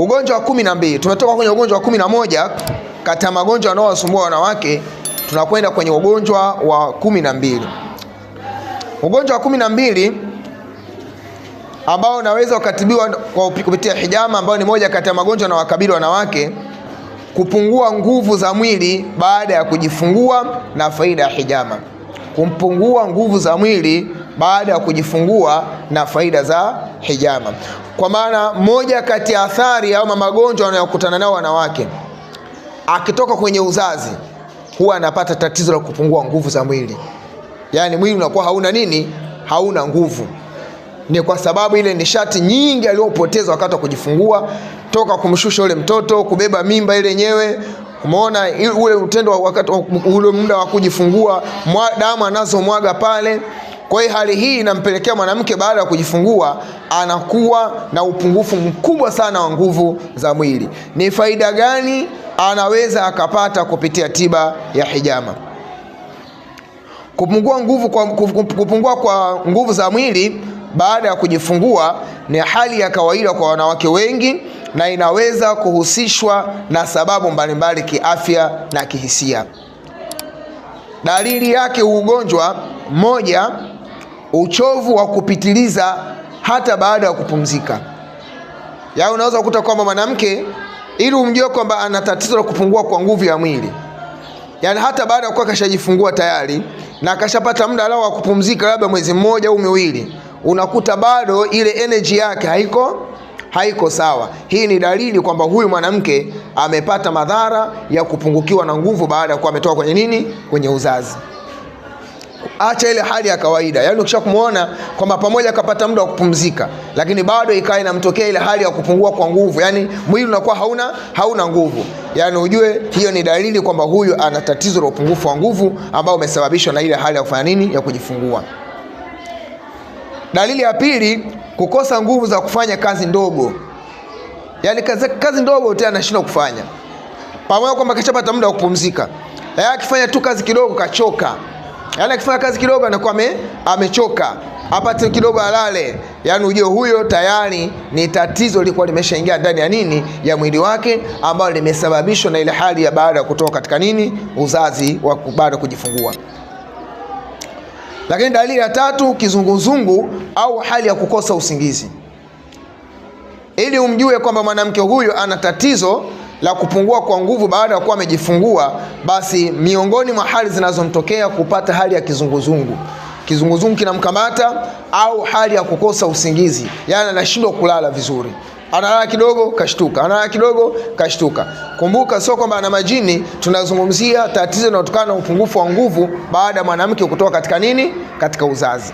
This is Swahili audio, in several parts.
Ugonjwa wa kumi na mbili, tumetoka kwenye ugonjwa wa kumi na moja kati ya magonjwa yanayowasumbua wanawake, tunakwenda kwenye ugonjwa wa kumi na mbili. Ugonjwa wa kumi na mbili ambao unaweza ukatibiwa kwa kupitia hijama, ambayo ni moja kati ya magonjwa na wakabili wanawake, kupungua nguvu za mwili baada ya kujifungua na faida ya hijama, kumpungua nguvu za mwili baada ya kujifungua na faida za hijama. Kwa maana moja kati ya athari ama magonjwa wanayokutana nao wanawake, akitoka kwenye uzazi huwa anapata tatizo la kupungua nguvu za mwili, yaani mwili unakuwa hauna nini, hauna nguvu ni kwa sababu ile nishati nyingi aliyopoteza wakati wa kujifungua, toka kumshusha ule mtoto, kubeba mimba ile yenyewe. Umeona ule utendo wakati ule muda wa kujifungua, damu anazomwaga pale kwa hiyo hali hii inampelekea mwanamke baada ya kujifungua anakuwa na upungufu mkubwa sana wa nguvu za mwili. Ni faida gani anaweza akapata kupitia tiba ya hijama? Kupungua nguvu kwa, kupungua kwa nguvu za mwili baada ya kujifungua ni hali ya kawaida kwa wanawake wengi na inaweza kuhusishwa na sababu mbalimbali kiafya na kihisia. Dalili yake ugonjwa moja uchovu wa kupitiliza hata baada ya kupumzika. Ya unaweza kukuta kwamba mwanamke ili umjue kwamba ana tatizo la kupungua kwa nguvu ya mwili, yaani hata baada ya kuwa kashajifungua tayari na akashapata muda lao wa kupumzika, labda mwezi mmoja au miwili, unakuta bado ile energy yake haiko haiko sawa. Hii ni dalili kwamba huyu mwanamke amepata madhara ya kupungukiwa na nguvu baada ya kuwa ametoka kwenye nini, kwenye uzazi acha ile hali ya kawaida, yaani ukishakumwona kwamba pamoja kapata muda wa kupumzika, lakini bado ikawa inamtokea ile hali ya kupungua kwa nguvu, yaani mwili unakuwa hauna hauna nguvu, yaani ujue hiyo ni dalili kwamba huyu ana tatizo la upungufu wa nguvu ambao umesababishwa na ile hali ya kufanya nini, ya kujifungua. Dalili ya pili, kukosa nguvu za kufanya kazi ndogo, yaani kazi, kazi ndogo tena anashindwa kufanya pamoja kwamba kishapata muda wa kupumzika, akifanya tu kazi kidogo kachoka yaani akifanya kazi kidogo anakuwa ame, amechoka apate kidogo alale yaani ujio huyo tayari ni tatizo lilikuwa limeshaingia ndani ya nini ya mwili wake ambayo limesababishwa na ile hali ya baada ya kutoka katika nini uzazi wa baada ya kujifungua lakini dalili ya tatu kizunguzungu au hali ya kukosa usingizi ili umjue kwamba mwanamke huyo ana tatizo la kupungua kwa nguvu baada ya kuwa amejifungua, basi miongoni mwa hali zinazomtokea kupata hali ya kizunguzungu kizunguzungu kinamkamata au hali ya kukosa usingizi, yani anashindwa kulala vizuri, analala kidogo kashtuka, analala kidogo kashtuka. Kumbuka sio kwamba ana majini, tunazungumzia tatizo linalotokana na upungufu wa nguvu baada ya mwanamke kutoka katika nini, katika uzazi.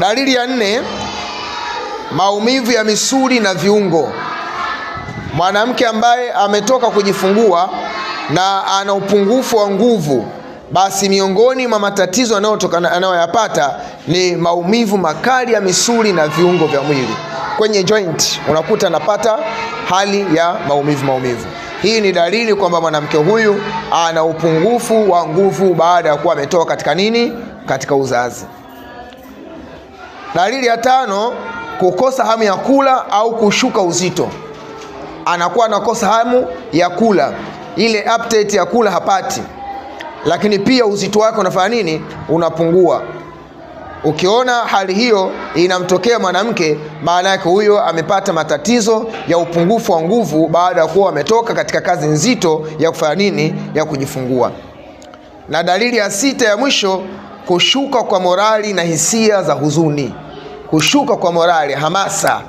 Dalili ya nne maumivu ya misuli na viungo. Mwanamke ambaye ametoka kujifungua na ana upungufu wa nguvu, basi miongoni mwa matatizo anayotokana anayoyapata ni maumivu makali ya misuli na viungo vya mwili kwenye joint, unakuta anapata hali ya maumivu maumivu. Hii ni dalili kwamba mwanamke huyu ana upungufu wa nguvu baada ya kuwa ametoka katika nini, katika uzazi. Dalili ya tano kukosa hamu ya kula au kushuka uzito, anakuwa anakosa hamu ya kula, ile appetite ya kula hapati, lakini pia uzito wake unafanya nini? Unapungua. Ukiona hali hiyo inamtokea mwanamke, maana yake huyo amepata matatizo ya upungufu wa nguvu baada ya kuwa ametoka katika kazi nzito ya kufanya nini, ya kujifungua. Na dalili ya sita ya mwisho, kushuka kwa morali na hisia za huzuni kushuka kwa morali, hamasa,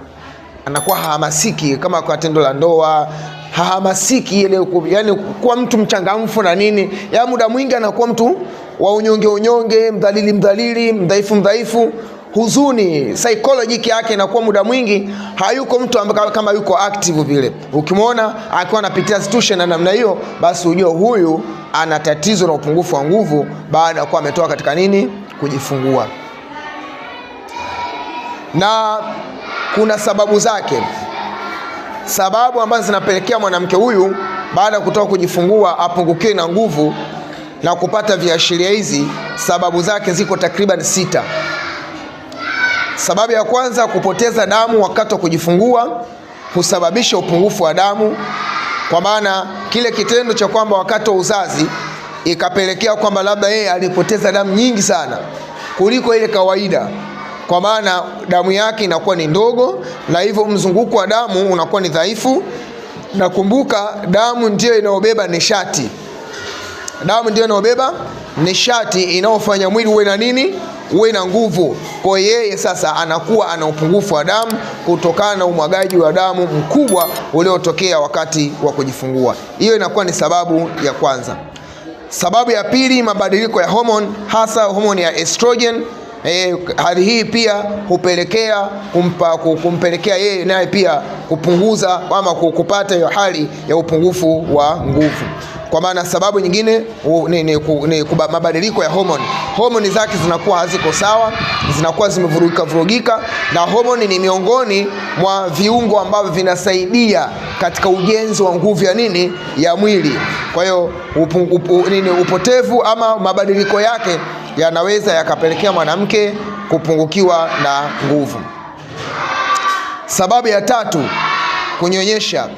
anakuwa hahamasiki kama kwa tendo la ndoa hahamasiki ile, yani kuwa mtu mchangamfu na nini, ya muda mwingi anakuwa mtu wa unyonge unyonge, mdhalili mdhalili, mdhaifu mdhaifu, huzuni. Psychology yake inakuwa muda mwingi hayuko mtu kama yuko active vile. Ukimwona akiwa anapitia situation na namna hiyo, basi ujue huyu ana tatizo na upungufu wa nguvu baada ya kuwa ametoka katika nini, kujifungua na kuna sababu zake, sababu ambazo zinapelekea mwanamke huyu baada ya kutoka kujifungua apungukiwe na nguvu na kupata viashiria hizi. Sababu zake ziko takriban sita. Sababu ya kwanza, kupoteza damu wakati wa kujifungua husababisha upungufu wa damu, kwa maana kile kitendo cha kwamba wakati wa uzazi ikapelekea kwamba labda yeye alipoteza damu nyingi sana kuliko ile kawaida kwa maana damu yake inakuwa ni ndogo, na hivyo mzunguko wa damu unakuwa ni dhaifu. Na kumbuka, damu ndiyo inayobeba nishati, damu ndiyo inayobeba nishati inayofanya mwili uwe na nini, uwe na nguvu. Kwa yeye sasa anakuwa ana upungufu wa damu kutokana na umwagaji wa damu mkubwa uliotokea wakati wa kujifungua. Hiyo inakuwa ni sababu ya kwanza. Sababu ya pili, mabadiliko ya homoni, hasa homoni ya estrogen e, hali hii pia hupelekea kumpa, kumpelekea yeye naye pia kupunguza ama kupata hiyo hali ya upungufu wa nguvu. Kwa maana sababu nyingine ni, ni, ni mabadiliko ya homoni. Homoni zake zinakuwa haziko sawa, zinakuwa zimevurugika vurugika, na homoni ni miongoni mwa viungo ambavyo vinasaidia katika ujenzi wa nguvu ya nini ya mwili. Kwa hiyo upotevu ama mabadiliko yake yanaweza yakapelekea mwanamke kupungukiwa na nguvu. Sababu ya tatu, kunyonyesha.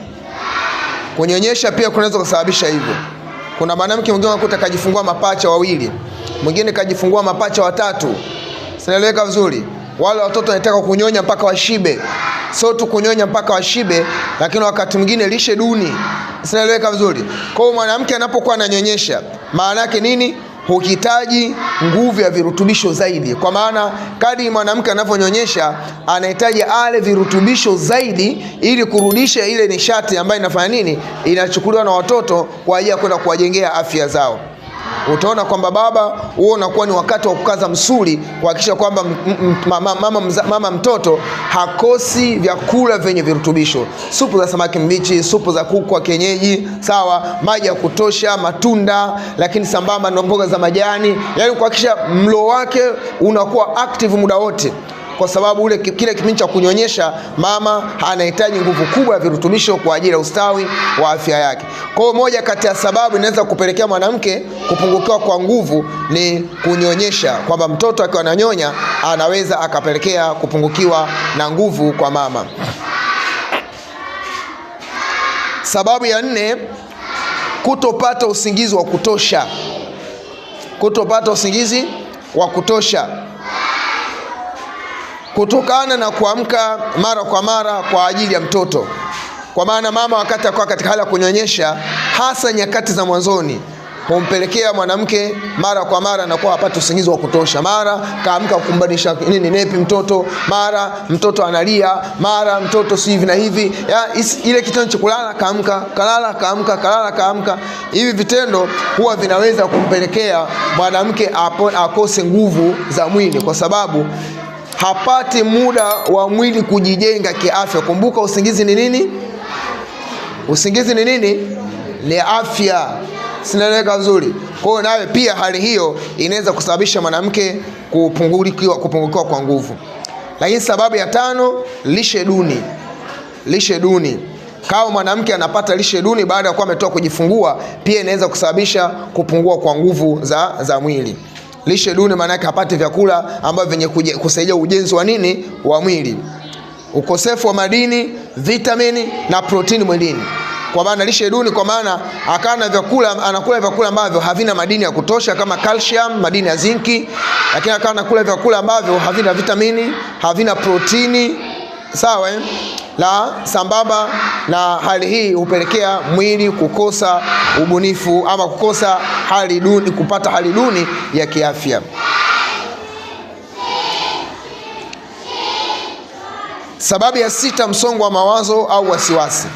Kunyonyesha pia kunaweza kusababisha hivyo. Kuna mwanamke mwingine anakuta kajifungua mapacha wawili, mwingine kajifungua mapacha watatu. Sinaeleweka vizuri? Wale watoto wanataka kunyonya mpaka washibe, sio tu kunyonya mpaka washibe, lakini wakati mwingine lishe duni. Sinaeleweka vizuri? Kwa hiyo mwanamke anapokuwa ananyonyesha, maana yake nini? huhitaji nguvu ya virutubisho zaidi, kwa maana kadri mwanamke anavyonyonyesha anahitaji ale virutubisho zaidi ili kurudisha ile nishati ambayo inafanya nini, inachukuliwa na watoto kwa ajili ya kwenda kuwajengea afya zao utaona kwamba baba, huo unakuwa ni wakati wa kukaza msuli kuhakikisha kwamba mama, mama, mama mtoto hakosi vyakula vyenye virutubisho, supu za samaki mbichi, supu za kuku wa kienyeji, sawa, maji ya kutosha, matunda, lakini sambamba na mboga za majani, yaani kuhakikisha mlo wake unakuwa active muda wote kwa sababu ule kile kipindi cha kunyonyesha mama anahitaji nguvu kubwa ya virutubisho kwa ajili ya ustawi wa afya yake. Kwa hiyo moja kati ya sababu inaweza kupelekea mwanamke kupungukiwa kwa nguvu ni kunyonyesha, kwamba mtoto akiwa ananyonya anaweza akapelekea kupungukiwa na nguvu kwa mama. Sababu ya nne, kutopata usingizi wa kutosha. Kutopata usingizi wa kutosha kutokana na kuamka mara kwa mara kwa ajili ya mtoto, kwa maana mama wakati akawa katika hali ya kunyonyesha, hasa nyakati za mwanzoni humpelekea mwanamke mara kwa mara anakuwa hapati usingizi wa kutosha, mara kaamka kumbadilisha nini nepi mtoto, mara mtoto analia, mara mtoto si hivi na hivi ya, is, ile kitendo cha kulala kaamka, kalala kaamka, kalala kaamka. Hivi vitendo huwa vinaweza kumpelekea mwanamke akose nguvu za mwili, kwa sababu hapati muda wa mwili kujijenga kiafya. Kumbuka usingizi ni nini? Usingizi ni nini? Ni afya. Sinaeleweka vizuri? Kwa hiyo nawe pia hali hiyo inaweza kusababisha mwanamke kupungukiwa, kupungukiwa kwa nguvu. Lakini sababu ya tano, lishe duni. Lishe duni kama mwanamke anapata lishe duni baada ya kuwa ametoka kujifungua, pia inaweza kusababisha kupungua kwa nguvu za, za mwili. Lishe duni maana yake apate vyakula ambavyo vyenye kusaidia ujenzi wa nini wa mwili, ukosefu wa madini, vitamini na protini mwilini. Kwa maana lishe duni, kwa maana akana vyakula, anakula vyakula ambavyo havina madini ya kutosha kama calcium, madini ya zinki, lakini akana anakula vyakula ambavyo havina vitamini, havina protini, sawa eh? na sambamba na hali hii hupelekea mwili kukosa ubunifu ama kukosa hali duni, kupata hali duni ya kiafya. Sababu ya sita, msongo wa mawazo au wasiwasi.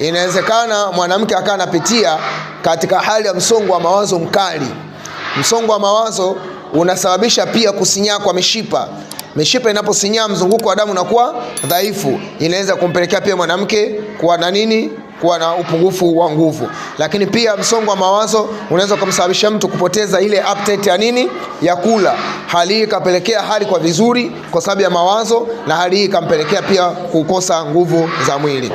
Inawezekana mwanamke akawa anapitia katika hali ya msongo wa mawazo mkali. Msongo wa mawazo unasababisha pia kusinyaa kwa mishipa Mishipa inaposinyaa mzunguko wa damu unakuwa dhaifu, inaweza kumpelekea pia mwanamke kuwa na nini kuwa na upungufu wa nguvu. Lakini pia msongo wa mawazo unaweza kumsababisha mtu kupoteza ile appetite ya nini ya kula. Hali hii ikapelekea hali kwa vizuri kwa sababu ya mawazo, na hali hii ikampelekea pia kukosa nguvu za mwili.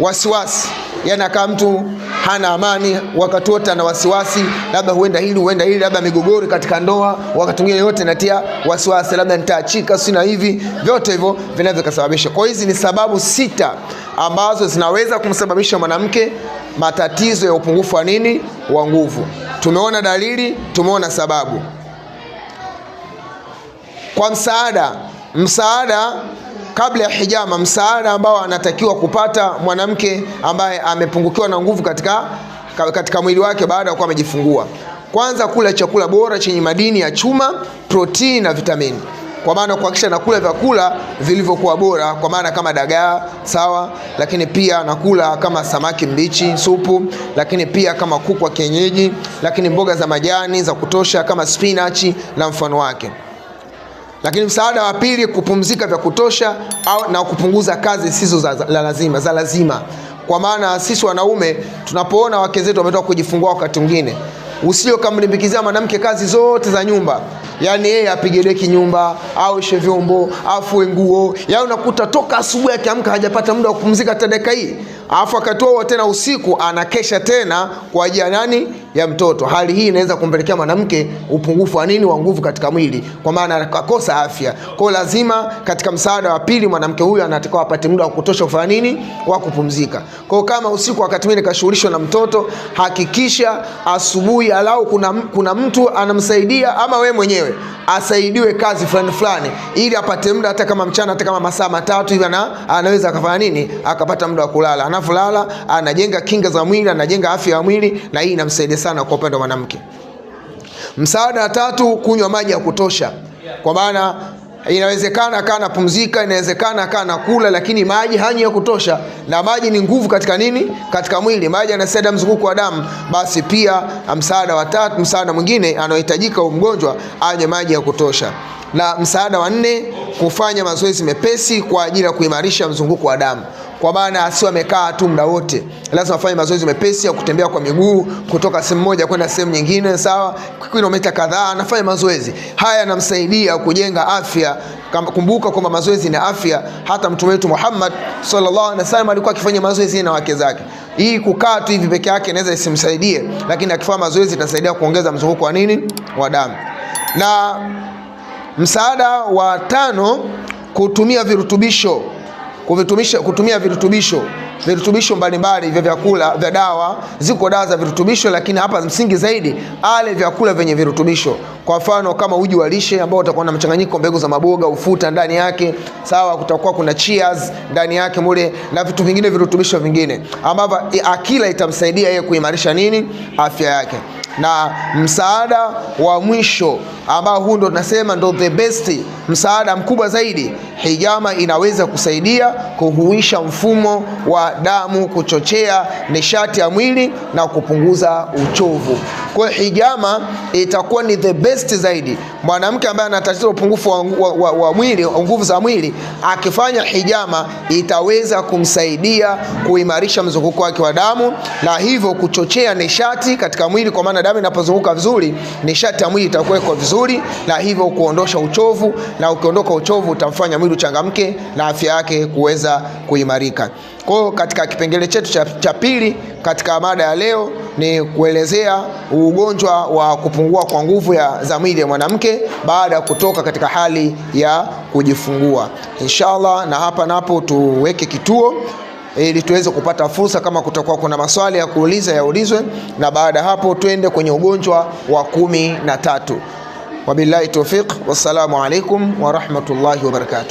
Wasiwasi, yani akaa mtu hana amani, wakati wote ana wasiwasi, labda huenda hili huenda hili, labda migogoro katika ndoa, wakati mwingine yote natia wasiwasi, labda nitaachika, na hivi, vyote hivyo vinaweza kusababisha. Kwa hizi ni sababu sita ambazo zinaweza kumsababisha mwanamke matatizo ya upungufu wa nini, wa nguvu. Tumeona dalili, tumeona sababu. Kwa msaada, msaada kabla ya hijama, msaada ambao anatakiwa kupata mwanamke ambaye amepungukiwa na nguvu katika, katika mwili wake baada ya kuwa amejifungua. Kwanza kula chakula bora chenye madini ya chuma, protini na vitamini kwa maana kuhakikisha nakula vyakula vilivyokuwa bora, kwa maana kama dagaa sawa, lakini pia nakula kama samaki mbichi, supu, lakini pia kama kuku wa kienyeji, lakini mboga za majani za kutosha kama spinachi na mfano wake. Lakini msaada wa pili, kupumzika vya kutosha au na kupunguza kazi zisizo za, za lazima, za lazima. Kwa maana sisi wanaume tunapoona wake zetu wametoka kujifungua, wakati mwingine usio kamlimbikizia mwanamke kazi zote za nyumba, yaani yeye apige deki nyumba au ishe vyombo afue nguo, yaani unakuta toka asubuhi akiamka hajapata muda wa kupumzika hata dakika hii alafu akatoa tena usiku anakesha tena kwa ajili ya nani? Ya mtoto. Hali hii inaweza kumpelekea mwanamke upungufu wa nini? Wa nguvu katika mwili, kwa maana akakosa afya. Kwa hiyo lazima katika msaada wa pili mwanamke huyu anatakiwa apate muda wa kutosha kufanya nini? Wa kupumzika. Kwa hiyo kama usiku wakati mwingine kashughulishwa na mtoto, hakikisha asubuhi alau kuna, kuna mtu anamsaidia ama we mwenyewe asaidiwe kazi fulani fulani, ili apate muda, hata kama mchana, hata kama masaa matatu hivi, anaweza akafanya nini, akapata muda wa kulala. Anafulala anajenga kinga za mwili, anajenga afya ya mwili, na hii inamsaidia sana kwa upande wa mwanamke. Msaada wa tatu, kunywa maji ya kutosha, kwa maana Inawezekana akawa anapumzika, inawezekana akawa anakula, lakini maji hanywi ya kutosha, na maji ni nguvu katika nini? Katika mwili. Maji yanasaidia mzunguko wa damu. Basi pia ah, msaada wa tatu, msaada mwingine anaohitajika mgonjwa anywe maji ya kutosha. Na msaada wa nne, kufanya mazoezi mepesi kwa ajili ya kuimarisha mzunguko wa damu kwa maana asiwe amekaa tu muda wote, lazima afanye mazoezi mepesi ya kutembea kwa miguu kutoka sehemu moja kwenda sehemu nyingine, sawa, kilomita kadhaa, anafanya mazoezi haya, yanamsaidia kujenga afya. Kumbuka kwamba mazoezi ni afya. Hata mtume wetu Muhammad sallallahu alaihi wasallam alikuwa akifanya mazoezi na wake zake. Hii kukaa tu hivi peke yake inaweza isimsaidie, lakini akifanya mazoezi itasaidia kuongeza mzunguko wa nini, wa damu. Na msaada wa tano, kutumia virutubisho kuvitumisha, kutumia virutubisho virutubisho mbalimbali vya vyakula vya dawa. Ziko dawa za virutubisho, lakini hapa msingi zaidi ale vyakula vyenye virutubisho. Kwa mfano kama uji wa lishe ambao utakuwa na mchanganyiko mbegu za maboga, ufuta ndani yake, sawa. Kutakuwa kuna chias ndani yake mule na vitu vingine, virutubisho vingine ambavyo akila itamsaidia yeye kuimarisha nini, afya yake na msaada wa mwisho ambao huu ndo tunasema ndo the best, msaada mkubwa zaidi. Hijama inaweza kusaidia kuhuisha mfumo wa damu, kuchochea nishati ya mwili na kupunguza uchovu. Kwa hiyo hijama itakuwa ni the best zaidi. Mwanamke ambaye ana tatizo upungufu wa, wa, wa, wa mwili nguvu za mwili, akifanya hijama itaweza kumsaidia kuimarisha mzunguko wake wa damu na hivyo kuchochea nishati katika mwili, kwa maana damu inapozunguka vizuri, nishati ya mwili itakuwa iko vizuri, na hivyo kuondosha uchovu, na ukiondoka uchovu utamfanya mwili uchangamke na afya yake kuweza kuimarika. Kwa hiyo katika kipengele chetu cha, cha pili katika mada ya leo ni kuelezea ugonjwa wa kupungua kwa nguvu ya za mwili ya mwanamke baada ya kutoka katika hali ya kujifungua. Inshallah, na hapa napo tuweke kituo ili tuweze kupata fursa, kama kutakuwa kuna maswali ya kuuliza yaulizwe, na baada ya hapo twende kwenye ugonjwa wa kumi na tatu. Wabillahi tawfiq, wassalamu alaikum warahmatullahi wabarakatuh.